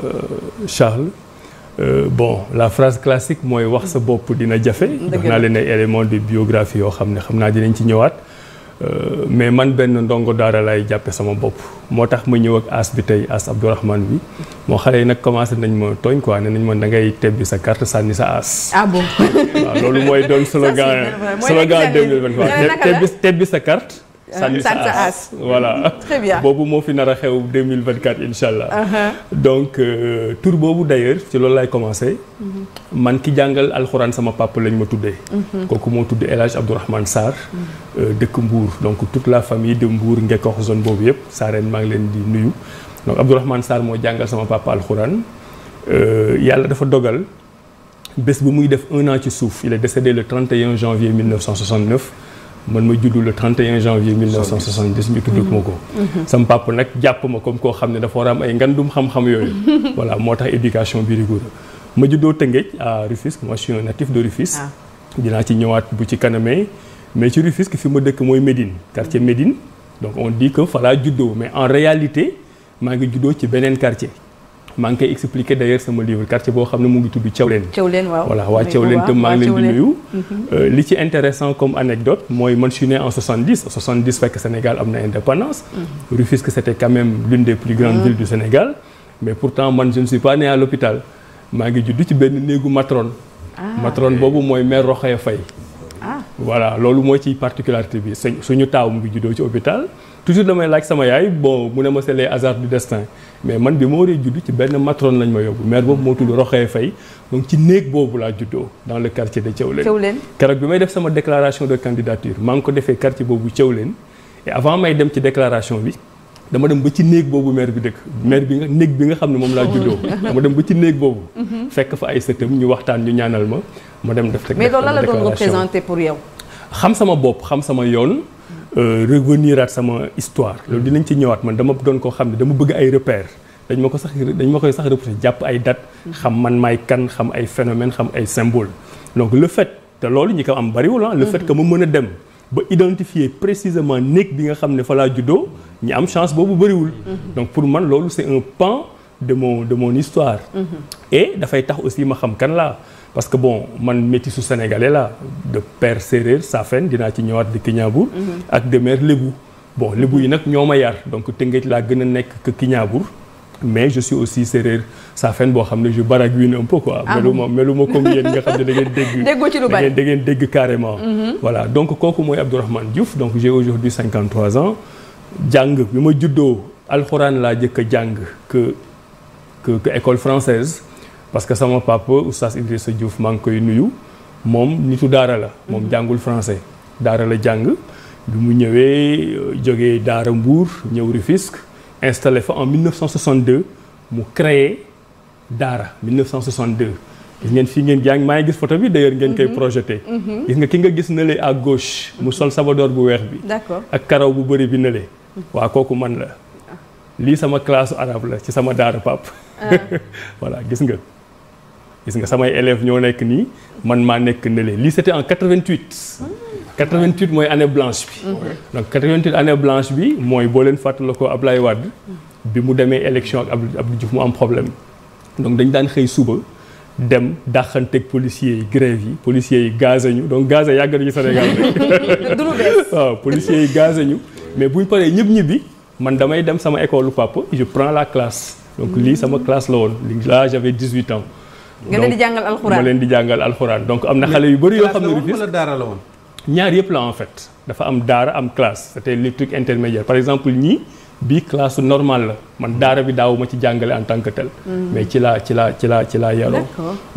Euh, Charles Euh, bon la phrase classique mooy wax sa bopp dina jafe. jox naa leen ay éléments de biographie yoo xam ne xam naa dinañ ci ñëwaat. Euh, mais man benn ndongo daara lay jàppe sama bopp moo tax ma ñëw ak as bi tey as Abdourahmane bi moo xale yi nag commencé nañ ma tooñ quoi ne nañ ma da ngay tebbi sa carte sànni sa as. ah loolu mooy doon slogan slogan 2023 tebbi sa carte. Sànni sa As voilà. très bien boobu moo fi nar a xew 2024 incha allah. donc euh, tur boobu d' ailleurs ci loolu laay commencé. Mm-hmm. man ki jàngal alxuraan sama papa lañ ma tuddee. Mm-hmm. kooku moo tudd El Hadj Abdourahmane Sarr. Mm-hmm. Euh, dëkk Mbour donc toute la famille de Mbour Ngekoox zone boobu yëpp Sareen maa ngi leen di nuyu. donc Abdourahmane Sarr moo jàngal sama papa alxuraan euh, yàlla dafa dogal bés bu muy def un an ci suuf il est décédé le 31 janvier 1969. man ma juddu le 31 janvier 1970 ñu tudd ma ko. Mhm. Mhm. sama pàpp nag jàpp ma comme koo xam ne dafa war a am ay ngandum xam-xam yooyu. voilà moo tax éducation bi rigoureux ma juddoo Tëngéej à Rufisque moi je suis un natif de Rufisque. Ah. dinaa ci ñëwaat bu ci kanamee mais ci Rufisque fi ma dëkk mooy Médine quartier Médine donc on dit que fa laa juddoo mais en réalité maa ngi juddoo ci beneen quartier maa ngi koy expliquer d'ailleurs sama livre quartier boo xam ne mu ngi tudd Thiawlène Thiawlène waaw voilà waa Thiawlène tam maa ngi leen mm-hmm. euh, li ci intéressant comme anecdote mooy man je suis né en 70 70 fekk Sénégal am na indépendance mm-hmm. Rufisque c'était quand même l'une des plus grandes ah. villes du Sénégal mais pourtant man je ne suis pas né à l'hôpital maa ngi judd ci benn néegu matron ah. matron boobu mooy mère Rokhaya Faye ah. voilà loolu mooy ci particularité bi suñu taaw mu ngi juddoo ci hôpital toujours damay laaj sama yaay bon mu ne ma c'est les hasards du destin mais man bi ma waree juddu ci benn matron lañ ma yóbbu maire boobu moo tudd Roxee Faye donc ci néeg boobu laa juddoo dans le quartier de Thiawlène Thiawlène keroog bi may def sama déclaration de candidature maa ngi ko defee quartier boobu Thiawlène et avant may dem ci déclaration bi dama dem ba ci néeg boobu maire bi dëkk maire bi nga néeg bi nga xam ne moom laa juddoo oh. dama dem ba ci néeg boobu mhm. fekk fa ay sëtam ñu waxtaan ñu ñaanal ma ma dem def mais loolu la doon représenté pour yow xam sama bopp xam sama yoon Euh, revenir at sama histoire loolu mm-hmm. dinañ ci ñëwaat man dama doon koo xam ne dama bëgg ay repères dañ ma ko sax dañ ma koy sax reproché jàpp ay date mm-hmm. xam man maay kan xam ay phénomène xam ay symbole donc le fait te loolu ñi ko am bariwul ah le fait mm-hmm. que ma mën a dem ba identifier précisément néeg bi nga xam ne falaa laa juddoo ñi am chance boobu bariwul donc pour man loolu c'est un pan de mon de mon histoire. Mm-hmm. et dafay tax aussi ma xam kan laa. parce que bon man métissu sénégalais la de père séeréer Safeen dinaa ci ñëwaat di Kignanbour. Mm-hmm. ak de mère lébu. bon lébu yi nag ñoo ma yar donc Tëngéej laa gën a nekk que Kignanbour. mais je suis aussi séeréer Safeen boo xam ne je baragouine un peu quoi. Ah meluma meluma comme yéen nga xam ne da ngeen dégg. déggoo ci lu bari da ngeen dégg carrément. Mm-hmm. voilà donc kooku mooy Abdourahmane Diouf donc j'ai aujourd'hui 53 ma a jàng que école française parce que sama papa oustaz sa Diouf maa ngi koy nuyu moom nitu daara la moom mhm. jàngul français daara la jàng bi mu ñëwee euh, jógee daara Mbour ñëw Rufisque installé fa en 1962 mu créé daara 1962 gis ngeen fii ngeen jàng maa ngi gis photo bi d'ailleurs ngeen koy mhm. projeté mhm. gis nga ki nga gis na le à gauche mu sol sabadoor bu weex bi d'accord ak karaw bu bëri bi na waa kooku man la ah. lii sama classe arabe la ci sama daara pap voilà gis nga gis nga samay élèves ñoo nekk nii man maa nekk nële li c'était en 88. 88 mooy année blanche bi. Mhm. donc 88 année blanche bi mooy boo leen fàttalikoo Ablaye Wade. bi mu demee élection ak Abdou Diouf mu am problème donc dañ daan xëy suba. dem dàqanteeg policiers yi grève yi policiers yi gazé ñu donc gazé yàgg na ci Sénégal rek. waaw policiers yi gazé ñu. mais bu ñu paree ñëpp ñibbi man damay dem sama école papa je la classe. donc lii sama classe la woon là j'avais 18 ans. nga leen di jàngal alxuraan di jàngal alxuraan donc am na xale yu bëri yoo xam ne. Rufisque daara la woon ñaar yëpp la en fait dafa am daara am classe c'était les trucs par exemple ñii bii classe normal la man daara bi daawuma ci jàngale en tant que tel. Mm. mais ci laa ci laa ci laa ci laa yaroo.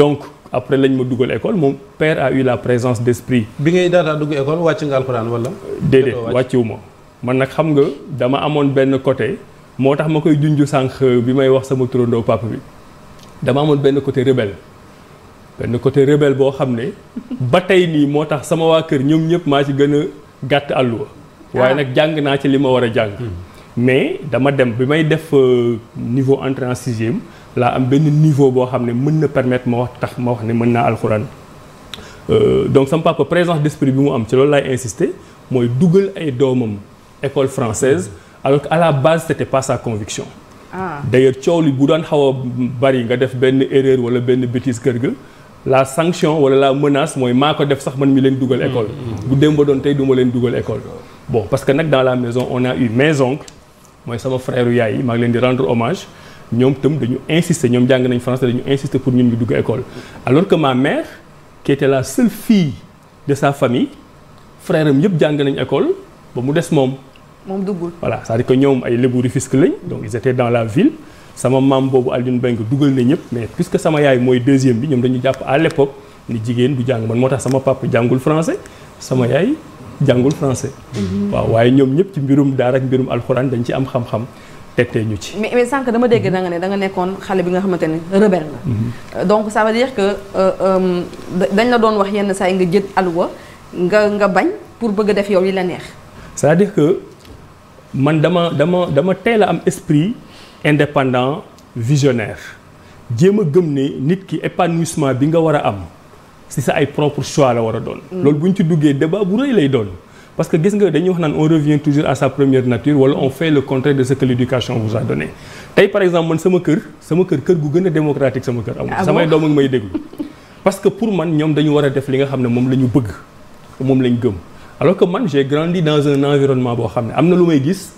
donc après lañ ma dugal école mon père a eu la présence d'esprit. bi ngay daataa dugg école wàcc nga alxuraan wala. déedéet wàcciwuma man nag xam nga dama amoon benn côté. moo tax ma koy junju sànq bi may wax sama turandoo papa bi dama amoon benn côté rebelle benn côté rebelle boo xam ne ba tey nii moo tax sama waa kër ñoom ñëpp maa ci gën a gàtt àlluwa ah. waaye nag jàng naa ci li ma war a jàng hmm. mais dama dem bi may def euh, niveau entrée en sixième laa am benn niveau boo xam ne mën na permettre ma wax tax ma wax ne mën naa alxuraan euh, donc sama papa présence d'esprit bi mu am ci loolu laay insister mooy dugal ay doomam école française hmm. alors à la base c'était pas sa conviction. Ah. coow li bu daan xaw a bari nga def benn erreur wala benn bêtise kër gi la sanction wala la menace mooy maa ko def sax man mi leen dugal école. Mm, mm, mm. bu démb doon tey du ma leen école. bon parce que nag dans la maison on a eu mes oncles mooy sama frère yaay yi maa ngi leen di rendre hommage ñoom itam dañu insister ñoom jàng nañ france dañu insister pour ñun ñu dugg école. alors que ma mère qui la seule fille de sa famille frère am yëpp jàng nañu école ba mu des moom. moom duggul voilà c'est-à-dire que ñoom ay lébu Rufisque lañ donc ils étaient dans la ville sama maam boobu Alioune Mbengue dugal na ñëpp mais puisque sama yaay mooy deuxième bi ñoom dañu jàpp à l'époque ni jigéen du jàng man moo tax sama papa jàngul français sama yaay jàngul français. Mhm. waaw waaye ñoom ñëpp ci mbirum daara ak mbirum alxuraan dañ ci am xam-xam tegtee ñu ci. mais mais sànq dama dégg da nga ne da nga nekkoon xale bi nga xamante ne rebelle la. Mhm. donc ça veut dire euh, euh, dañ la doon wax yenn saa yi nga jël alwa nga nga bañ pour bëgg def yow li la neex. man dama dama dama teel a am esprit indépendant visionnaire jéem a gëm ni nit ki épanouissement bi nga war a am si sa ay propre choix la war a doon. Mm. loolu bu ñu ci duggee débat bu rëy lay doon. parce que gis nga dañuy wax naan on revient toujours à sa première nature wala on fait le contraire de ce que l'éducation vous a donné tey par exemple man sama kër sama kër kër gu gën a démocratique sama kër amul ah samay doom ak may déglu parce que pour man ñoom dañu war a def li nga xam ne moom la ñu bëgg moom lañ gëm alors que man j'ai grandi dans un environnement boo xam ne am na lu may gis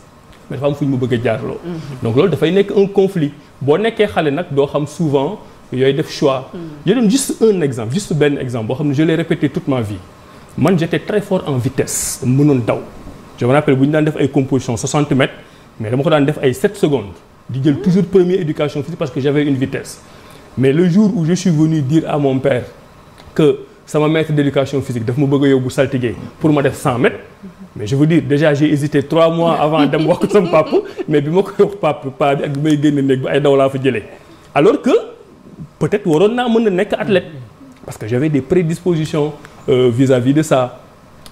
mais dafa am fu ñu ma bëgg jaarloo mhm. donc loolu dafay nekk un conflit boo nekkee xale nag doo xam souvent yooyu def choix mhm. je donne juste un exemple juste benn exemple boo xam ne je l'ai répété toute ma vie man j'étais très fort en vitesse mënoon daw je me rappelle bu ñu daan def ay composition 60 mètres mais dama ko daan def ay 7 secondes di jël toujours mhm. première éducation physique parce que j'avais une mais le jour où je suis sama maître d'éducation physique daf ma bëgg a yóbbu saltige pour ma def 100 mètres mais je veux dire déjà j'ai hésité 3 mois avant dem wax ko sama papa mais bi ma koy wax papa paa bi ak bi may génn néeg bi ay daw laa fa jëlee alors que peut-être waroon naa mën a nekk athlète parce que j'avais des prédispositions euh, vis-à-vis de ça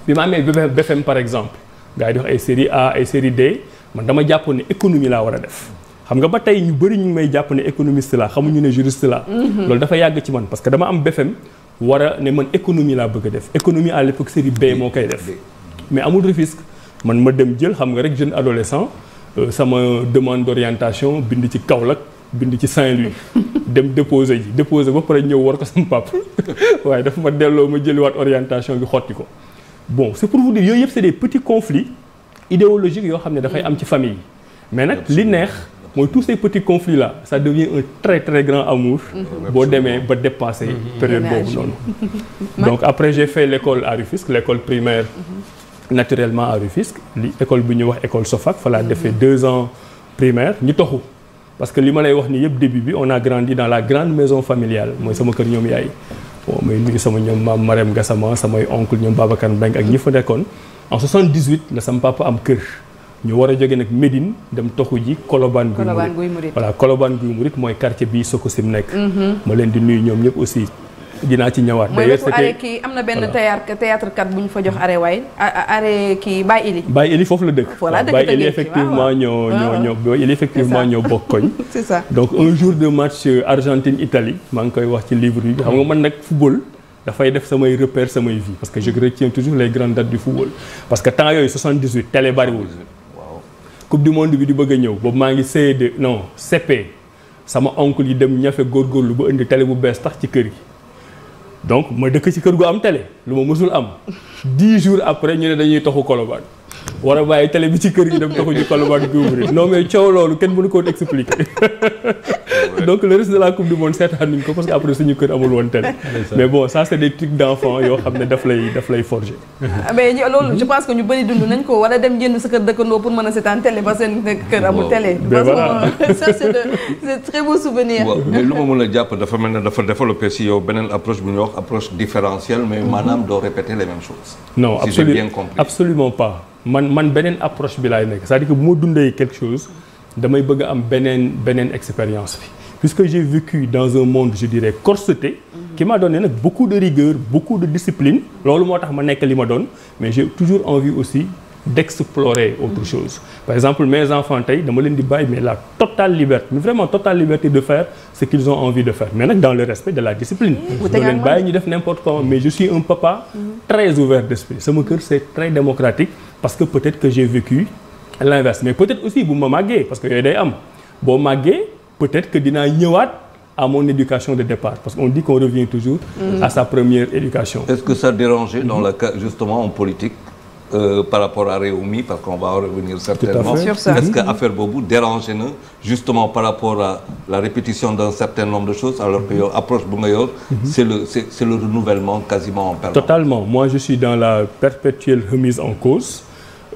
bi ma amee BFM par exemple gars yi ay série A ay série D man dama jàpp ne économie laa war a def xam nga ba tey ñu bëri ñu ngi may jàpp ne économiste la xamuñu ne juriste la mm-hmm. loolu dafa yàgg ci man parce que dama am BFM war a ne man économie laa bëgg a def économie à l'époque série B moo koy def mais amul Rufisque man ma dem jël xam nga rek jeune adolescent euh, sama demande d'orientation bind ci Kaolack bind ci Saint-Louis dem déposé ji déposé ba pare ñëw war ko sama pap waaye dafa ma delloo ma jëliwaat orientation bi xotti ko bon c'est pour vous yooyu yëpp c'est des petits conflits idéologiques yoo xam ne dafay am ci famille yi mais nag li neex mooy tous ces petits conflits là ça devient très très grand amour. Mm-hmm. boo demee ba dépasser mm-hmm. Mm-hmm. période boobu noonu. donc après j'ai fait l'école à Rufisque l'école primaire. naturellement à Rufisque li école bi ñuy wax école Sofac fa laa defee deux ans primaire ñu toxu. parce que li ma lay wax ni yëpp début bi on a grandi dans la grande maison familiale mooy sama kër ñoom yaay. bon may nuyu sama ñoom maam Marème Gassama samay oncle ñoom Babacar Mbengue ak ñi fa nekkoon en am kër. ñu war a joge nag Médine dem toxu ji Colobane Guy Murit voilà Colobane Guy Murit mooy quartier bi Sococim nekk mhm. ma leen di nuyu ñoom ñëpp aussi dinaa ci ñëwaat d'ailleurs mooy arrêt kii am na benn théâtre kat bu ñu fa jox arrêt waay arrêt kii Baye Eli Baye Eli foofu la dëkk Baye Eli effectivement ñoo ñoo ñoo Baye Eli effectivement ñoo bokk koñ c'est ça donc un jour de match euh, Argentine Italie maa ngi koy wax ci livre yi xam nga man nag football dafay def samay repère samay vie parce que je retiens toujours les grandes dates coupe du monde bi di bëgg a ñëw boobu maa ngi CE2 non CP sama onk yi dem ñafe góor góorgóorlu ba indi télé bu bees tax ci kër gi donc ma dëkk ci kër gu am télé lu ma mosul am dix jours après ñu ne dañuy toxu Colobane war a bàyyi télé bi ci kër gi dem taxuñu Colobane Goumbry non mais coow loolu kenn mënu ko woon donc le reste de la coupe du monde seetaan nañ ko parce que après suñu kër amul woon télé mais bon ça c' est des d' enfant yoo xam ne daf lay daf lay ah, loolu je pense que ñu bëri dund nañ ko wala dem jënd sa kër dëkkandoo pour mën a seetaan télé ba seen kër amul télé ça c' est de c' souvenir mais lu ma mën a jàpp dafa mel ne dafa développé si yow beneen approche bu ñuy wax approche différentielle mais maanaam doo répéter man man beneen approche bi laay nekk c'est-à-dire que bu ma dundee quelque chose damay bëgg am beneen beneen expérience bi puisque j'ai vécu dans un monde je dirais corseté qui m'a donné nag beaucoup de rigueur beaucoup de discipline loolu moo tax ma nekk li ma doon mais j'ai toujours envie aussi d'explorer autre chose par exemple mes enfants tey dama leen di bàyyi mais la totale liberté mais vraiment totale liberté de faire ce qu'ils ont envie de faire mais parce que peut-être que j'ai vécu l'inverse mais peut-être aussi bu ma màggee que yooyu day am boo màggee peut-être que dinaa ñëwaat à mon éducation de départ parce qu'on dit qu'on revient toujours mm-hmm. à sa première éducation est-ce que ça dérangeait dans le cas en politique euh, par rapport à Rewmi parce qu'on va en revenir certainement sur ça est-ce que affaire boobu dérange na justement par rapport à la répétition d'un certain de choses alors que yow approche bu mm-hmm. c'est le renouvellement quasiment en permanence totalement moi je suis dans la perpétuelle remise en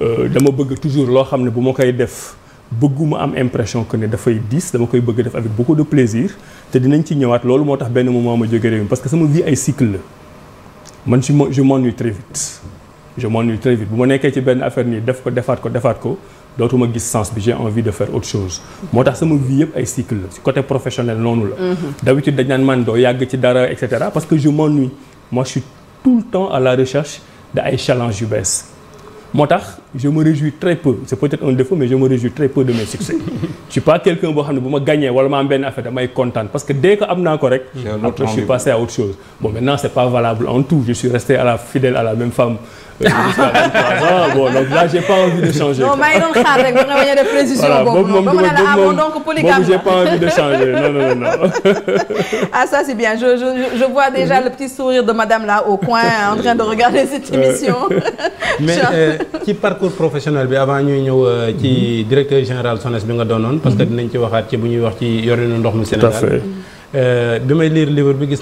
Euh, dama bëgg toujours loo xam ne bu ma koy def bëgguma am impression que ne dafay diis dama koy bëgg def avec beaucoup de plaisir te dinañ ci ñëwaat loolu moo tax benn moment ma jóge réew mi parce que sama vie ay cycle la man je je m'ennuie très vite je m'ennuie très bu ma nekkee ci benn affaire nii def ko defaat ko defaat ko dootuma gis sens bi j'ai envie faire autre chose moo tax sama vie yëpp ay cycle la ci côté professionnel noonu la mm-hmm. d'habitude dañ naan man doo yàgg ci dara et cetera parce que je m'ennuie moi je suis tout le temps à la recherche de ay challenge yu bees moo tax je me réjouis très peu c'est peut-être un défaut je me réjouis très peu de mes succès je suis pas quelqu'un boo xam ne bu ma wala ma am benn affaire damay kontaan parce que dès que am naa ko rek après je suis passé à autre chose bon maintenant c'est pas valable en tout je suis resté à la fidèle à la même femme euh, bon donc là j'ai pas envie de changer non maa ngi doon xaar rek nga bañ a def précision boobu moom boobu moom boobu j'ai pas envie parcours professionnel bi avant ñuy ñëw euh, ci mhm. directeur général SONES bi nga doonoon parce que mhm. dinañ ci waxaat ci bu ñuy wax ci yorinu ndox mu Sénégal euh, bi may lire livre bi gis